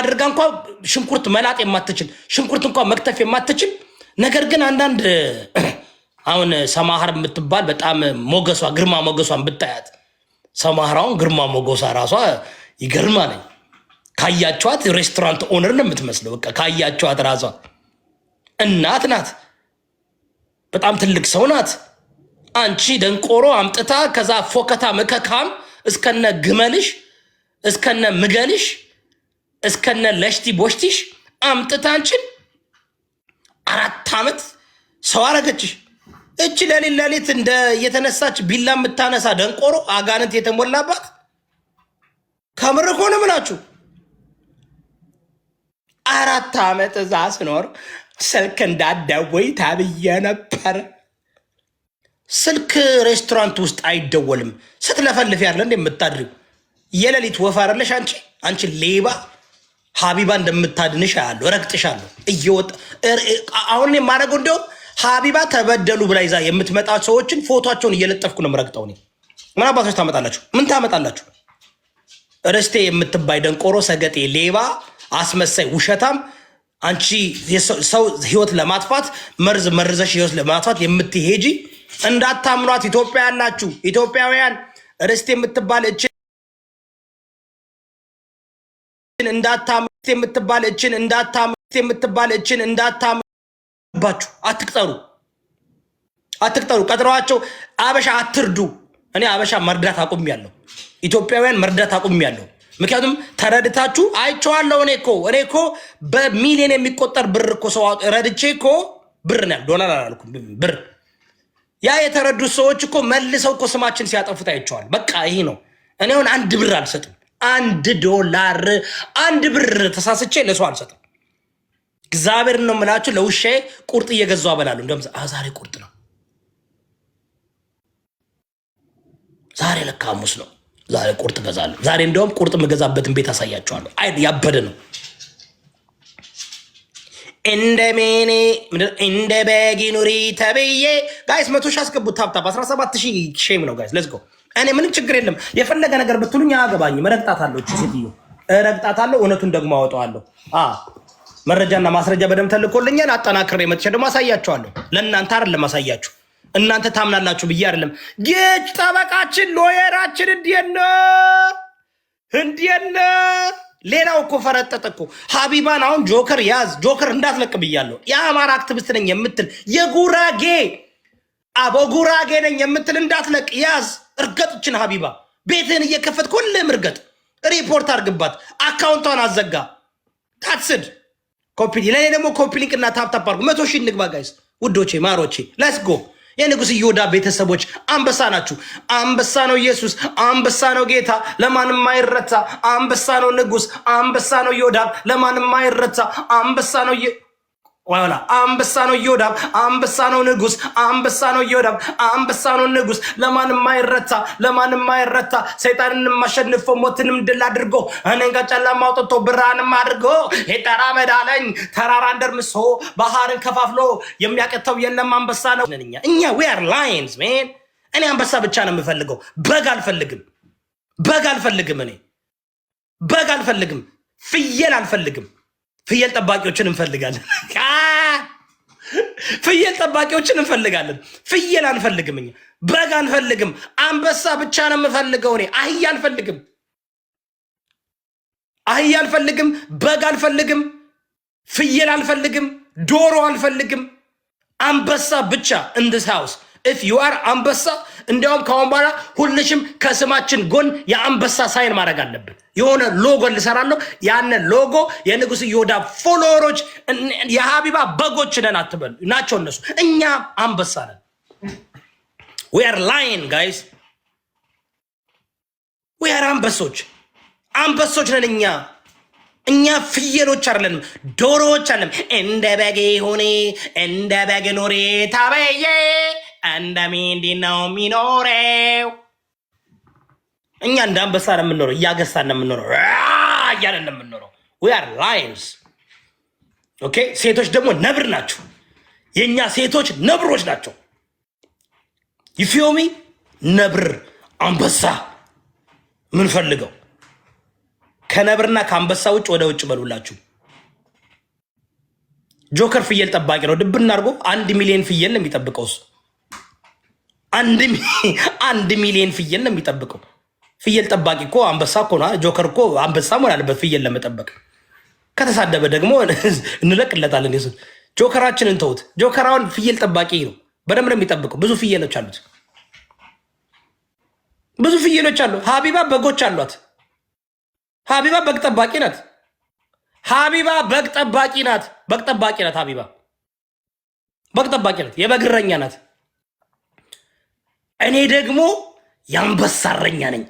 አድርጋ እንኳ ሽንኩርት መላጥ የማትችል ሽንኩርት እንኳ መክተፍ የማትችል ነገር ግን አንዳንድ አሁን ሰማሃር የምትባል በጣም ሞገሷ ግርማ ሞገሷን ብታያት ሰማህራውን ግርማ ሞገሷ ራሷ ነኝ ካያቸዋት ሬስቶራንት ኦነር ነው የምትመስለው። በቃ ካያቸዋት ራሷ እናት ናት። በጣም ትልቅ ሰው ናት። አንቺ ደንቆሮ አምጥታ ከዛ ፎከታ ምከካም እስከነ ግመልሽ እስከነ ምገልሽ እስከነ ለሽቲ ቦሽቲሽ አምጥታንችን አራት ዓመት ሰው አረገችሽ። እች ለሊት ለሊት እንደ የተነሳች ቢላ የምታነሳ ደንቆሮ አጋንንት የተሞላባት ከምር ሆነ ምላችሁ አራት ዓመት እዛ ስኖር ስልክ እንዳደወይ ታብዬ ነበር። ስልክ ሬስቶራንት ውስጥ አይደወልም። ስትለፈልፍ ያለ እንደ የምታድሪው የሌሊት ወፍ አይደለሽ አንቺ አንቺ ሌባ ሀቢባ እንደምታድንሽ አያለሁ፣ እረግጥሻለሁ። እየወጣ አሁን የማደርገው እንደውም ሀቢባ ተበደሉ ብላ ይዛ የምትመጣ ሰዎችን ፎቶቸውን እየለጠፍኩ ነው የምረግጠው። እኔ ምን አባቶች ታመጣላችሁ? ምን ታመጣላችሁ? ርስቴ የምትባይ ደንቆሮ፣ ሰገጤ፣ ሌባ፣ አስመሳይ፣ ውሸታም አንቺ ሰው ህይወት ለማጥፋት መርዝ መርዘሽ ህይወት ለማጥፋት የምትሄጂ እንዳታምኗት። ኢትዮጵያ ያላችሁ ኢትዮጵያውያን ርስቴ የምትባል እችን እንዳታምኑ። የምትባል እችን እንዳታም የምትባል እችን አትቅጠሩ አትቅጠሩ ቀጥረዋቸው አበሻ አትርዱ። እኔ አበሻ መርዳት ኢትዮጵያውያን መርዳት አቁሜያለሁ። ምክንያቱም ተረድታችሁ አይቼዋለሁ። እኔ እኮ እኔ እኮ በሚሊዮን የሚቆጠር ብር እኮ ሰው ረድቼ እኮ ብር ነው ዶላር አላልኩም ብር። ያ የተረዱት ሰዎች እኮ መልሰው እኮ ስማችን ሲያጠፉት አይቼዋለሁ። በቃ ይሄ ነው። እኔ አሁን አንድ ብር አልሰጥም። አንድ ዶላር አንድ ብር ተሳስቼ ለሰው አልሰጥም። እግዚአብሔር ነው የምላችሁ። ለውሻዬ ቁርጥ እየገዛሁ አበላለሁ። እንደውም ዛሬ ቁርጥ ነው፣ ዛሬ ለካ ሐሙስ ነው፣ ዛሬ ቁርጥ እገዛለሁ። ዛሬ እንደውም ቁርጥ የምገዛበትን ቤት አሳያችኋለሁ። አይ ያበደ ነው። እንደ ሜኔ እንደ በጊ ተብዬ ጋይስ መቶ ሺህ አስገቡት። ታብታብ 17 ሺህ ሼም ነው ጋይስ ሌትስ ጎ እኔ ምንም ችግር የለም። የፈለገ ነገር ብትሉኝ አያገባኝም። እረግጣታለሁ፣ እቺ ሴትዮ እረግጣታለሁ። እውነቱን ደግሞ አወጣዋለሁ። መረጃና ማስረጃ በደምብ ተልኮልኛል። አጠናክሬ መጥቼ ደግሞ አሳያችኋለሁ። ለእናንተ አይደለም አሳያችሁ እናንተ ታምናላችሁ ብዬ አይደለም። ጌጭ ጠበቃችን ሎየራችን እንዲነ እንዲነ ሌላው እኮ ፈረጠጠ እኮ ሀቢባን አሁን ጆከር ያዝ ጆከር እንዳትለቅ ብያለሁ። የአማራ አክቲቪስት ነኝ የምትል የጉራጌ አቦጉራጌ ነኝ የምትል እንዳትለቅ ያዝ። እርገጥችን ሀቢባ ቤትህን እየከፈት ሁሌም እርገጥ። ሪፖርት አርግባት፣ አካውንቷን አዘጋ። ታትስድ ኮፒ ለእኔ ደግሞ ኮፒ ሊንክና ታፕታፕ አድርጉ። መቶ ሺህ እንግባ ጋይስ፣ ውዶቼ፣ ማሮቼ ሌትስ ጎ። የንጉስ ይሁዳ ቤተሰቦች አንበሳ ናችሁ። አንበሳ ነው ኢየሱስ፣ አንበሳ ነው ጌታ፣ ለማንም ማይረታ። አንበሳ ነው ንጉስ፣ አንበሳ ነው ይሁዳ፣ ለማንም ማይረታ። አንበሳ ነው ዋላ አንበሳ ነው ዮዳብ፣ አንበሳ ነው ንጉስ፣ አንበሳ ነው ዮዳብ፣ አንበሳ ነው ንጉስ። ለማንም ማይረታ፣ ለማንም ማይረታ፣ ሰይጣንን ማሸንፎ ሞትንም ድል አድርጎ እኔን ከጨለማ አውጥቶ ብርሃንም አድርጎ የጠራ መዳለኝ ተራራ እንደርምሶ ባህርን ከፋፍሎ የሚያቀተው የለም አንበሳ ነው እኛ እኛ ዊ አር ላይንስ ሜን። እኔ አንበሳ ብቻ ነው የምፈልገው። በግ አልፈልግም፣ በግ አልፈልግም፣ እኔ በግ አልፈልግም፣ ፍየል አልፈልግም። ፍየል ጠባቂዎችን እንፈልጋለን። ፍየል ጠባቂዎችን እንፈልጋለን። ፍየል አንፈልግም፣ እኛ በግ አንፈልግም። አንበሳ ብቻ ነው የምፈልገው እኔ። አህያ አንፈልግም፣ አህያ አልፈልግም፣ በግ አልፈልግም፣ ፍየል አልፈልግም፣ ዶሮ አልፈልግም። አንበሳ ብቻ እንድሳውስ ሃውስ ኢፍ ዩ አር አንበሳ፣ እንዲያውም ከአሁን በኋላ ሁልሽም ከስማችን ጎን የአንበሳ ሳይን ማድረግ አለብን። የሆነ ሎጎ ልሰራለሁ። ያንን ሎጎ የንጉሥ ዮዳ ፎሎወሮች የሀቢባ በጎች ነን አትበሉ፣ ናቸው እነሱ። እኛ አንበሳ ነን። ዊ አር ላይን ጋይስ፣ ዊ አር አንበሶች፣ አንበሶች ነን እኛ እኛ ፍየሎች አይደለንም፣ ዶሮዎች አይደለም። እንደ በግ ሁኔ እንደ በግ ኑሬ ታበዬ እንደሚንዲ ነው የሚኖረው። እኛ እንደ አንበሳ ነው የምንኖረው፣ እያገሳ ነው የምንኖረው፣ እያለ ነው የምንኖረው። ዊ አር ላይንስ ኦኬ። ሴቶች ደግሞ ነብር ናቸው። የእኛ ሴቶች ነብሮች ናቸው። ይፊዮሚ ነብር አንበሳ ምንፈልገው ከነብርና ከአንበሳ ውጭ ወደ ውጭ በሉላችሁ። ጆከር ፍየል ጠባቂ ነው። ድብ አድርጎ አንድ ሚሊዮን ፍየል ነው የሚጠብቀው እሱ። አንድ ሚሊዮን ፍየል ነው የሚጠብቀው። ፍየል ጠባቂ እኮ አንበሳ እኮ ጆከር እኮ አንበሳ መሆን አለበት ፍየል ለመጠበቅ። ከተሳደበ ደግሞ እንለቅለታለን። ሱ ጆከራችን እንተውት። ጆከራውን ፍየል ጠባቂ ነው፣ በደንብ ነው የሚጠብቀው። ብዙ ፍየሎች አሉት፣ ብዙ ፍየሎች አሉ። ሀቢባ በጎች አሏት። ሀቢባ በግ ጠባቂ ናት። ሀቢባ በግ ጠባቂ ናት። በግ ጠባቂ ናት። ሀቢባ በግ ጠባቂ ናት። የበግረኛ ናት። እኔ ደግሞ የአንበሳ እረኛ ነኝ።